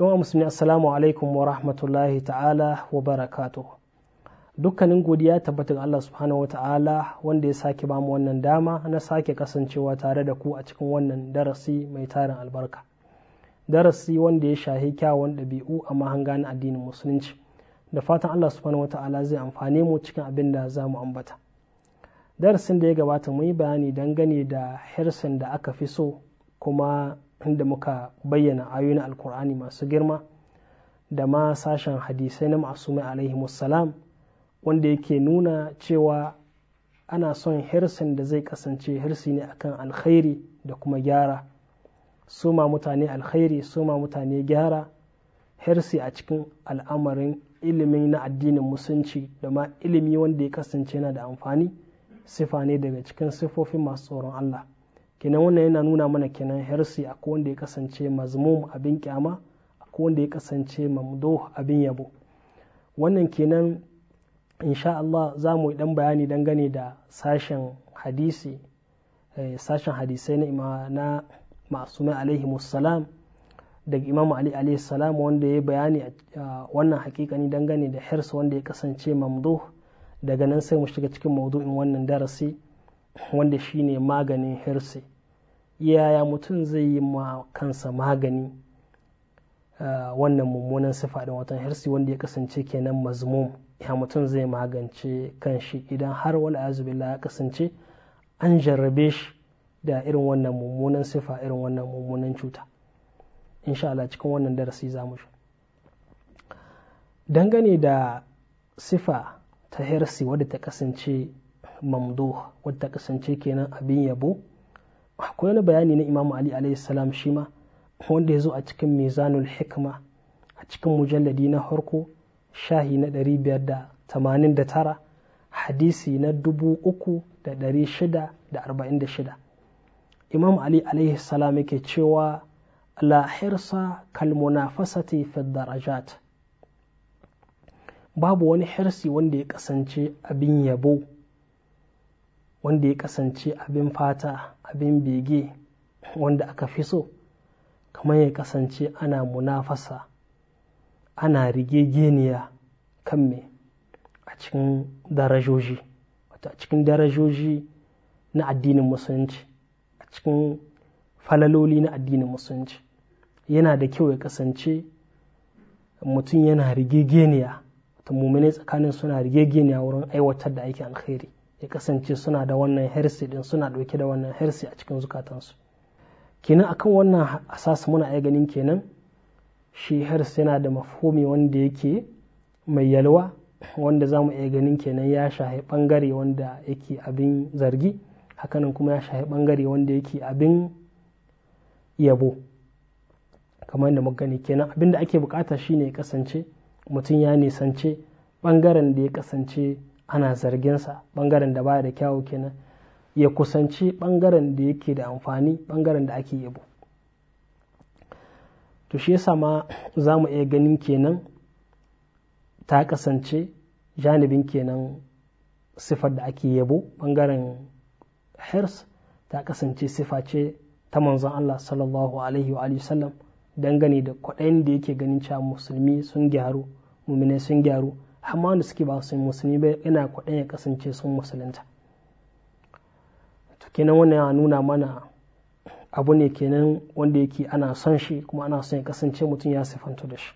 yawan musulmi assalamu alaikum wa rahmatullahi ta'ala wa barakatu dukkanin godiya tabbatar Allah subhanahu wa ta'ala wanda ya sake bamu wannan dama na sake kasancewa tare da ku a cikin wannan darasi mai tarin albarka darasi wanda ya shahi kyawun ɗabi'u a mahanga na addinin musulunci da fatan Allah subhanahu wa ta'ala zai amfane mu cikin abin da za mu ambata darasin da ya gabata mu yi bayani dangane da hirsin da aka fi so kuma inda muka bayyana ayoyin alkur'ani masu girma da ma sashen hadisai na masumai alaihi musallam wanda yake nuna cewa ana son hirsin da zai kasance hirsi ne akan alkhairi da kuma gyara suma mutane alkhairi suma mutane gyara hirsi a cikin al'amarin ilimi na addinin musulunci da ma ilimi wanda ya kasance yana da amfani sifa ne daga cikin sifofin masu tsoron Allah kenan wannan yana nuna mana kenan hersi a wanda ya kasance mazmum abin kyama a wanda ya kasance mamdo abin yabo wannan kenan insha Allah za mu yi dan bayani dangane da sashen hadisi eh, sashen hadisai na imana ma'asumai alaihi musallam daga imam ali alaihi salam wanda ya bayani a wannan hakikani dangane da hirsu wanda ya kasance mamdu daga nan sai mu shiga cikin maudu'in wannan darasi wanda shine maganin hirsi yaya mutum zai yi ma kansa magani wannan mummunan sifa da watan hirsi wanda ya kasance kenan mazmum ya mutum zai magance kanshi idan har wani azubila ya kasance an jarrabe shi da irin wannan mummunan sifa irin wannan mummunan cuta insha Allah cikin wannan darasi za mu dangane da sifa ta hirsi wadda ta kasance mamduh wadda kasance kenan abin yabo akwai wani bayani na imamu ali salam shi ma wanda ya zo a cikin mizanul hikma a cikin mujalladi na harko shahi na tara. hadisi na dubu uku da da da shida arba'in shida. imam ali alaihi salam yake cewa la hirsa kal fi darajat babu wani hirsi wanda ya kasance abin yabo wanda ya kasance abin fata abin bege wanda aka fi so kamar ya kasance ana munafasa ana rige geniya kan me a cikin darajoji wato a cikin darajoji na addinin musulunci a cikin falaloli na addinin musulunci yana da kyau ya kasance mutum yana rigegeniya ta mummune tsakanin suna rige geniya wurin aiwatar da aikin alkhairi ya kasance suna da wannan hersi din suna ɗauke da wannan hersi a cikin zukatansu kenan akan wannan asasi muna iya ganin kenan shi hersi yana da mafhumi wanda yake mai yalwa wanda za mu iya ganin kenan ya shahi ɓangare wanda yake abin zargi hakanan kuma ya shahi bangare wanda yake abin yabo kamar yadda muka gani kenan abin da ake bukata shine ya kasance mutum ya nisance bangaren da ya kasance ana zarginsa bangaren da baya da kyawu kenan ya kusanci bangaren da yake da amfani bangaren da ake yabo to shi yasa ma za mu iya ganin kenan ta kasance janibin kenan sifar da ake yabo bangaren hirs ta kasance sifa ce ta manzon Allah sallallahu alaihi wa sallam dangane da kwaɗayin da yake ganin cewa musulmi sun gyaru muminai sun gyaru amma wanda suke ba su musulmi ba yana kwaɗin ya kasance sun musulunta to kenan wannan ya nuna mana abu ne kenan wanda yake ana son shi kuma ana son ya kasance mutum ya sifanto da shi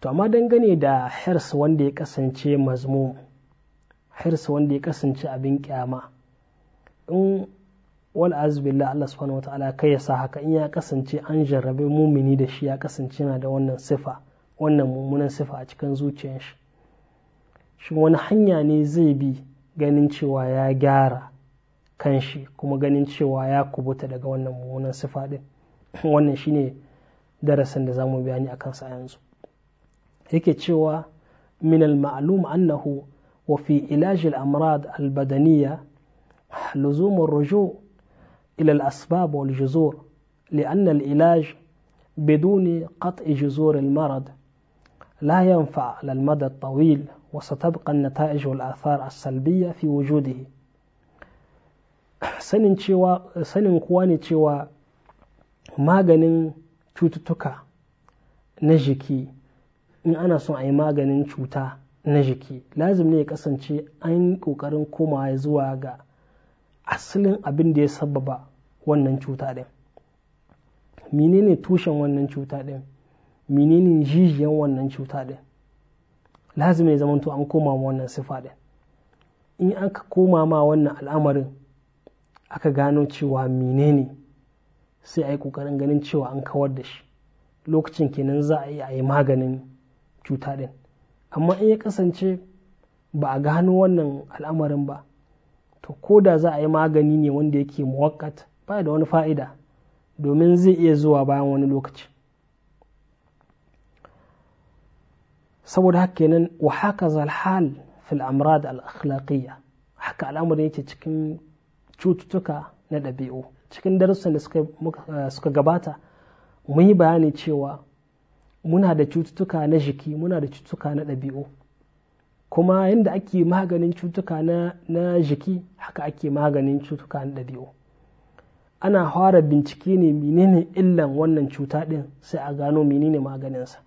to amma dangane da hirs wanda ya kasance mazmum hirs wanda ya kasance abin kyama in wal azbillah Allah subhanahu wataala kai ya sa haka in ya kasance an jarrabe mumini da shi ya kasance na da wannan sifa wannan mummunan sifa a cikin zuciyar shi shin wani hanya ne zai bi ganin cewa ya gyara kanshi kuma ganin cewa ya kubuta daga wannan mummunan sifa din wannan shine darasin da zamu bayani akan sa yanzu yake cewa min al-ma'lum annahu wa fi ilaj al-amrad al-badaniyya لزوم الرجوع إلى الأسباب والجذور لأن العلاج بدون قطع جذور المرض لا ينفع على المدى الطويل وستبقى النتائج والآثار السلبية في وجوده sanin kuwa ne cewa maganin cututtuka na jiki in ana son a yi maganin cuta na jiki lazim ne ya kasance an yi ƙoƙarin komawa zuwa ga asalin abin da ya sababa wannan cuta ɗin menene tushen wannan cuta ɗin menene jijiyan wannan cuta din lazim ya zamanto an koma ma wannan sifa din in aka koma ma wannan al'amarin aka gano cewa menene sai a yi ƙoƙarin ganin cewa an kawar da shi lokacin kenan za a yi a yi maganin cuta din amma in ya kasance ba a gano wannan al'amarin ba to ko da za a yi magani ne wanda yake muwakkat ba da wani fa'ida domin zai iya zuwa bayan wani lokaci saboda haka kenan wa haka zalhal fil amrad al akhlaqiyya haka al'amarin yake cikin cututtuka na ɗabi'u cikin darussan da eh, suka gabata mun yi bayani cewa muna da cututtuka na jiki muna da cututtuka na ɗabi'u kuma yadda ake maganin cututtuka na, jiki haka ake maganin cututtuka na ɗabi'u ana fara bincike ne menene illan wannan cuta ɗin sai a gano menene maganinsa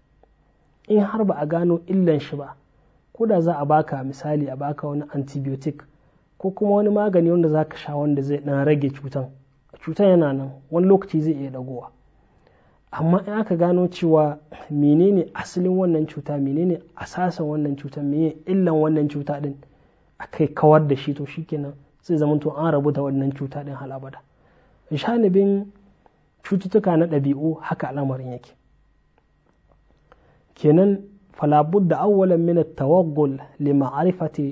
in har ba a gano illan shi ba ko da za a baka misali a baka wani antibiotic ko kuma wani magani wanda za ka sha wanda zai dan rage cutan cutan yana nan wani lokaci zai iya dagowa amma in aka gano cewa menene asalin wannan cuta menene asasin wannan cuta menene illan wannan cuta din kai kawar da shi to shikenan sai zama to an rabu da wannan cuta din halabada shanibin cututtuka na ɗabi'u haka al'amarin yake kenan falabud da awwalan min tawaggul li ma'rifati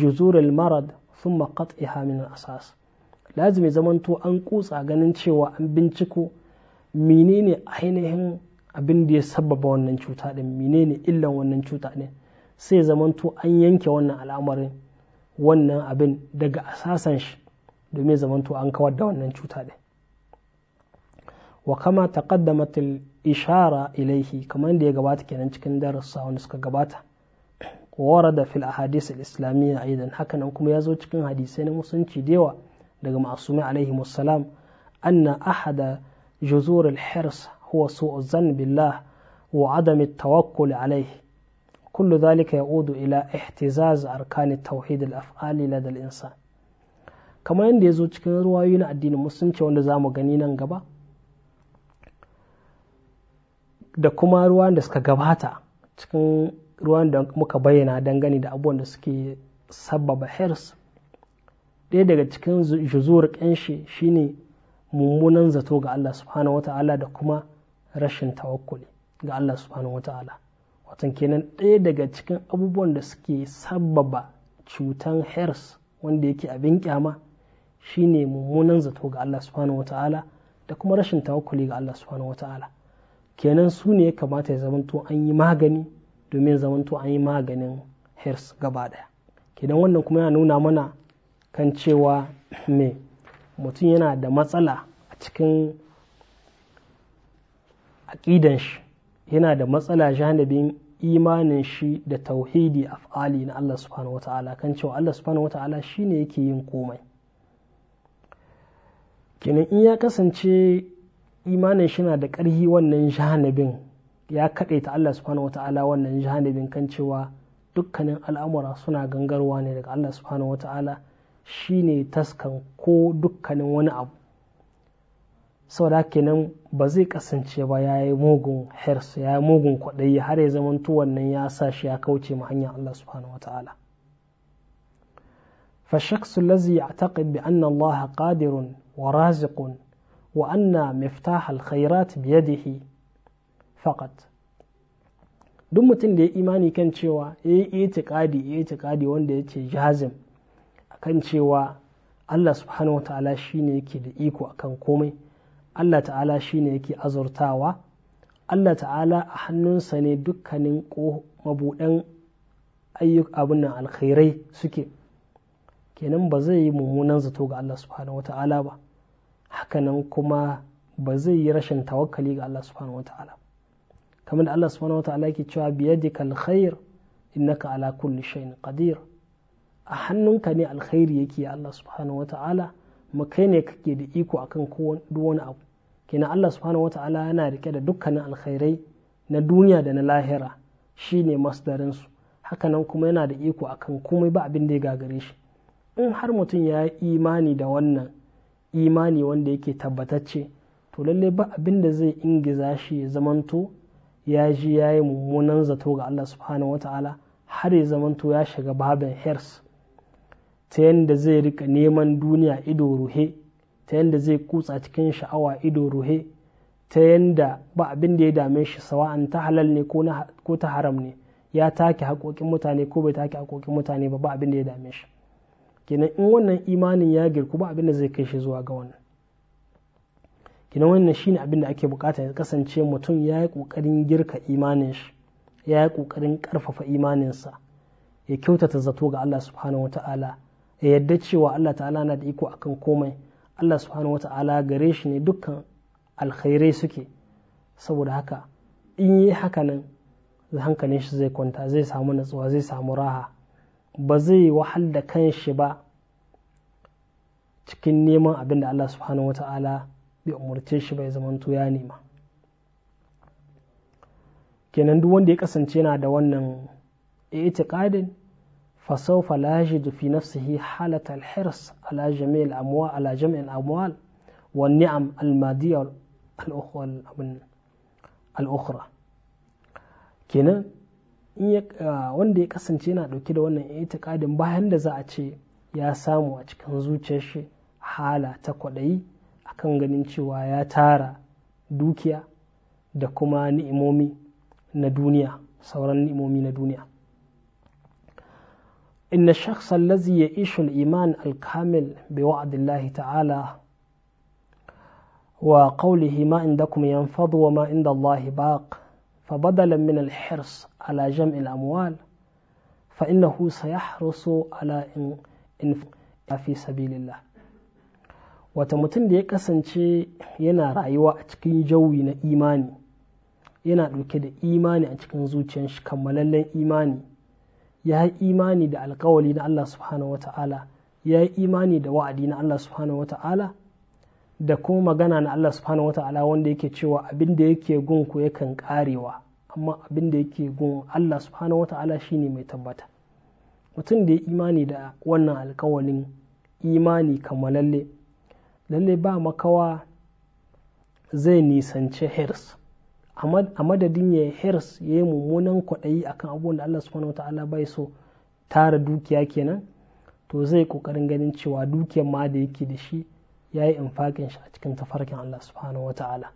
juzur al-marad thumma qat'iha min al-asas lazimi zamanto an kutsa ganin cewa an binciko menene ainihin abin da ya sabbaba wannan cuta din menene illan wannan cuta din sai zamanto an yanke wannan al'amarin wannan abin daga asasan shi domin zamanto an kawar da wannan cuta din wa kama taqaddamat ishara ilaihi kamar da ya gabata kenan cikin darussa wanda suka gabata warada fil ahadis al-islamiyya aidan hakanan kuma ya zo cikin hadisai na musulunci da yawa daga ma'asumi alaihi musallam anna ahada juzur al-hirs huwa su'u zan billah wa adam at-tawakkul alaihi kullu dhalika ya'udu ila ihtizaz arkan at-tauhid al-af'ali lada al-insan kamar yadda ya zo cikin ruwayoyi na addinin musulunci wanda zamu gani nan gaba da kuma ruwan da suka gabata cikin ruwan da muka bayyana dangane da abubuwan da suke sababa hers ɗaya daga cikin juzur ƙanshi shine mummunan zato ga Allah subhanahu wata'ala da kuma rashin tawakkuli ga Allah subhanahu wata'ala watan kenan ɗaya daga cikin abubuwan da suke sababa cutan hers wanda yake abin kyama shine mummunan zato ga Allah subhanahu wata'ala da kuma rashin tawakkuli ga Allah subhanahu wata'ala kenan su ne ya kamata ya zamanto an yi magani domin zamanto an yi maganin hers gaba daya kenan wannan kuma yana nuna mana kan cewa me mutum yana da matsala a cikin aƙidan shi yana da matsala janibin imanin shi da tauhidi af'ali na Allah subhanahu wata'ala kan cewa Allah subhanahu wata'ala ne yake yin komai kenan in ya kasance imanin shi na da ƙarhi wannan jahanabin ya ta Allah subhanahu ta'ala wannan jahanabin kan cewa dukkanin al'amura suna gangarwa ne daga Allah subhanahu ta'ala shi ne taskan ko dukkanin wani abu Sau saboda kenan ba zai kasance ba ya yi mugun hirsu ya yi mugun kwaɗayi har ya zama wannan ya sa shi ya kauce ma hanyar Allah subhanahu wata'ala فالشخص الذي يعتقد Allah الله wa ورازق وأن مفتاح الخيرات بيده فقط duk mutum da ya imani kan cewa ya yi itikadi ya itikadi wanda ya ce jazim kan cewa Allah subhanahu wa ta'ala shi ne yake da iko akan komai Allah ta'ala shi ne yake azurtawa Allah ta'ala a hannunsa ne dukkanin mabuɗan abin alkhairai suke kenan ba zai yi mummunan zato ga Allah subhanahu wa ta'ala ba hakanan kuma ba zai yi rashin tawakkali ga Allah subhanahu wa ta'ala kamar da Allah subhanahu wa ta'ala yake cewa biyadika alkhair innaka ala kulli shay'in qadir a hannunka ne alkhairi yake Allah subhanahu wa ta'ala mu kai ne kake da iko akan kowane abu kenan Allah subhanahu wa ta'ala yana rike da dukkanin alkhairai na duniya da na lahira shine masdarin su hakanan kuma yana da iko akan komai ba abin da ya gagare shi in har mutum ya yi imani da wannan imani wanda yake tabbatacce to lalle ba abin da zai ingiza shi ya zamanto ya ji ya yi mummunan zato ga Allah subhanahu wata'ala har ya zamanto ya shiga babin hers ta yadda zai rika neman duniya ido ruhe ta yadda zai kutsa cikin sha'awa ido ruhe ta yadda ba abin da ya dame shi sawa'an ta halal ne ko ta haram ne ya take haƙoƙin mutane ko bai take haƙoƙin mutane ba ba abin da ya dame shi kenan in wannan imanin ya girku ba abin da zai kai shi zuwa ga wannan kenan wannan shine abin da ake bukata ya kasance mutum ya yi kokarin girka imanin shi ya yi kokarin karfafa imanin sa ya kyautata zato ga Allah subhanahu wata'ala ya yadda cewa Allah ta'ala na da iko akan komai Allah subhanahu wata'ala gare shi ne dukkan alkhairai suke saboda haka in yi haka nan hankalin shi zai kwanta zai samu natsuwa zai samu raha ba zai wahal da kanshi ba cikin neman abin da Allah subhanahu wa ta'ala bai umarce shi bai zamanto ya nema kenan duk wanda ya kasance yana da wannan itiqadin fasau, la fi nafsihi halata al-hirs ala jami' al-amwal ala jami' amwal wa ni'am al al kenan Ah, wanda ya kasance yana dauke da wannan itikadin bayan da za a ce ya samu a cikin zuciyar shi hala ta kwaɗayi akan ganin cewa ya tara dukiya da kuma ni'imomi na duniya sauran ni'imomi na duniya inna shakhs allazi ya'ishu al-iman al-kamil bi wa'dillahi ta'ala wa qawlihi ma indakum yanfadu wa ma inda Allah baq فبدلا من الحرص على جمع الأموال فإنه سيحرص على إن في سبيل الله wata mutum da ya kasance yana rayuwa a cikin jawi na imani yana ɗauke da imani a cikin zuciyar shi kammalallen imani ya yi imani da alkawali na Allah subhanahu ya yi imani da wa'adi na Allah subhanahu da kuma magana na Allah subhanahu wa ta'ala wanda yake cewa abin da yake gun ku yakan karewa amma abin da yake gun Allah subhanahu wa ta'ala shine mai tabbata mutum da ya imani da wannan alkawalin imani kama lalle ba makawa zai nisanci hers a madadin ya hers ya yi mummunan kwaɗayi akan abubuwan da Allah subhanahu wa ta'ala bai so tara dukiya kenan to zai ƙoƙarin ganin cewa dukiyar ma da yake da shi ya yi infakin shi a cikin tafarkin Allah subhanahu wa ta'ala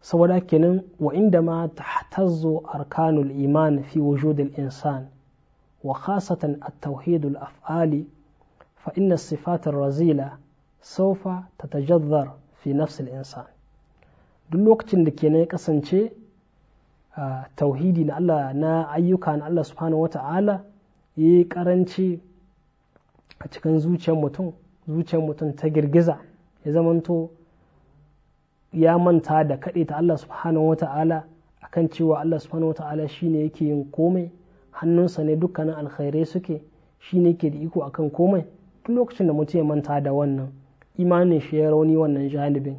saboda kenan wa inda ma tahtazzu arkanul iman fi wujudil insan wa khasatan at-tauhidul af'ali fa inna sifatar razila saufa tatajazzar fi nafsil insan duk lokacin da kenan ya kasance tauhidi na Allah na ayyuka na Allah subhanahu wa ta'ala yi karanci a cikin zuciyar mutum zuciyar mutum ta girgiza ya zamanto ya manta da kaɗe ta Allah subhanahu wa ta'ala a kan cewa Allah subhanahu wa ta'ala shi ne yake yin komai hannunsa ne dukkanin alkhairai suke shi ne yake da iko akan komai duk lokacin da mutum ya manta da wannan imanin shi ya rauni wannan jalibin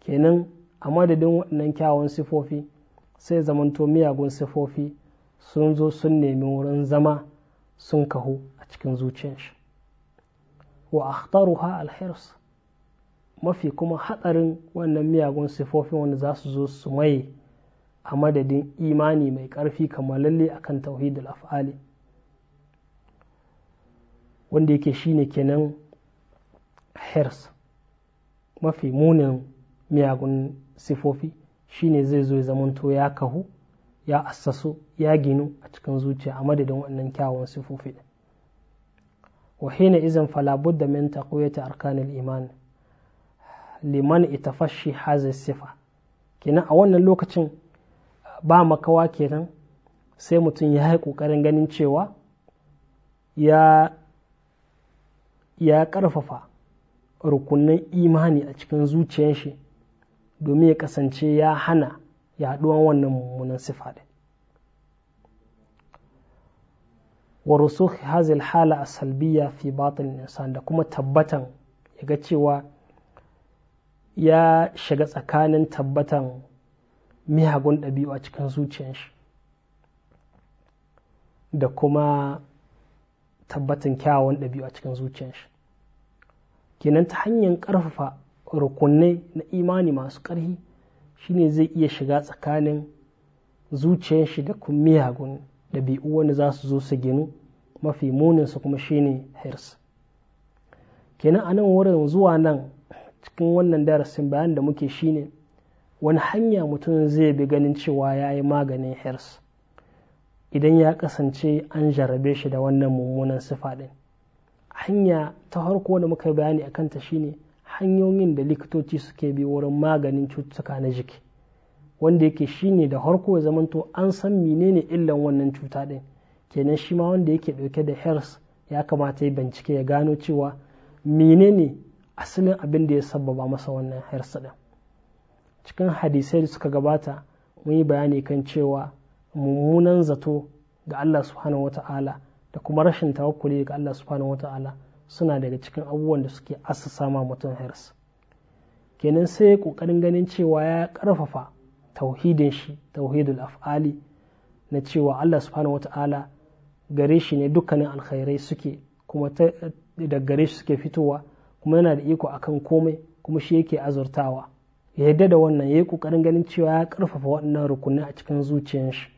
kenan a madadin waɗannan kyawun sifofi sai zamanto miyagun sifofi sun zo sun nemi wurin zama sun kahu a cikin zuciyar shi wa akhtaruha alhirs mafi kuma hatsarin wannan miyagun sifofin wanda za su zo su maye a madadin imani mai ƙarfi kamalalle akan tauhid al-af'ali wanda yake shine kenan hirs mafi munin miyagun sifofi shine zai zo ya zamanto ya kahu ya assasu ya ginu a cikin zuciya a madadin wannan kyawun sifofi وحين إذن فلا بد من تقوية arkanin iman liman itafashi hazin sifa kenan a wannan lokacin ba makawa kenan sai mutum ya yi ƙoƙarin ganin cewa ya ya ƙarfafa rukunin imani a cikin zuciyar shi domin ya kasance ya hana yaɗuwan wannan mummunan sifa wa rusukh hazil hala asalbiya fi batin insan da kuma tabbatan ya ga cewa ya shiga tsakanin tabbatan mihagun ɗabi'u a cikin zuciyar shi da kuma tabbatan kyawawan ɗabi'u a cikin zuciyar shi kenan ta hanyar ƙarfafa rukunai na imani masu ƙarfi shine zai iya shiga tsakanin zuciyar shi da kuma miyagun ɗabi'u wanda za su zo su ginu mafi muninsa kuma shine hirs kenan a nan wurin zuwa nan cikin wannan darasin bayan da muke shine wani hanya mutum zai bi ganin cewa ya yi maganin hirs idan ya kasance an jarabe shi da wannan mummunan sifa ɗin hanya ta harko da muka bayani a kanta shine hanyoyin da likitoci suke bi wurin maganin cututtuka na jiki wanda yake shine da harko ya zamanto an san menene illan wannan cuta ɗin kenan shi ma wanda yake ɗauke da hers ya kamata ya bincike ya gano cewa menene asalin abin da ya sabbaba masa wannan hers ɗin cikin hadisai da suka gabata mun yi bayani kan cewa mummunan zato ga Allah subhanahu wata'ala da kuma rashin tawakkuli ga Allah subhanahu wata'ala suna daga cikin abubuwan da suke asasa ma mutum hers kenan sai ya ƙoƙarin ganin cewa ya ƙarfafa. tauhidin shi tauhidul af'ali na cewa Allah subhanahu wata'ala gare shi ne dukkanin alkhairai suke kuma da gare shi suke fitowa kuma yana da iko akan komai kuma shi yake azurtawa ya yadda da wannan ya yi ƙoƙarin ganin cewa ya karfafa waɗannan rukunai a cikin zuciyar shi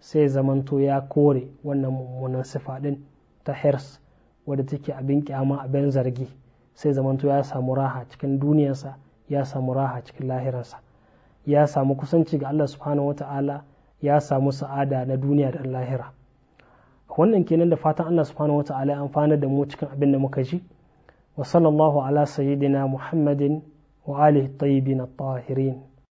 sai zamanto ya kore wannan mummunan sifa ɗin ta hers wadda take abin kyama abin zargi sai zamanto ya samu raha cikin duniyarsa ya samu raha cikin lahirarsa. ya samu kusanci ga Allah subhanahu wata'ala ya samu sa'ada na duniya da lahira wannan kenan da fatan Allah subhanahu wata'ala ya amfana da mu cikin abin da muka ji wa sallallahu ala sayyidina muhammadin wa alihi tayyibin at-tahirin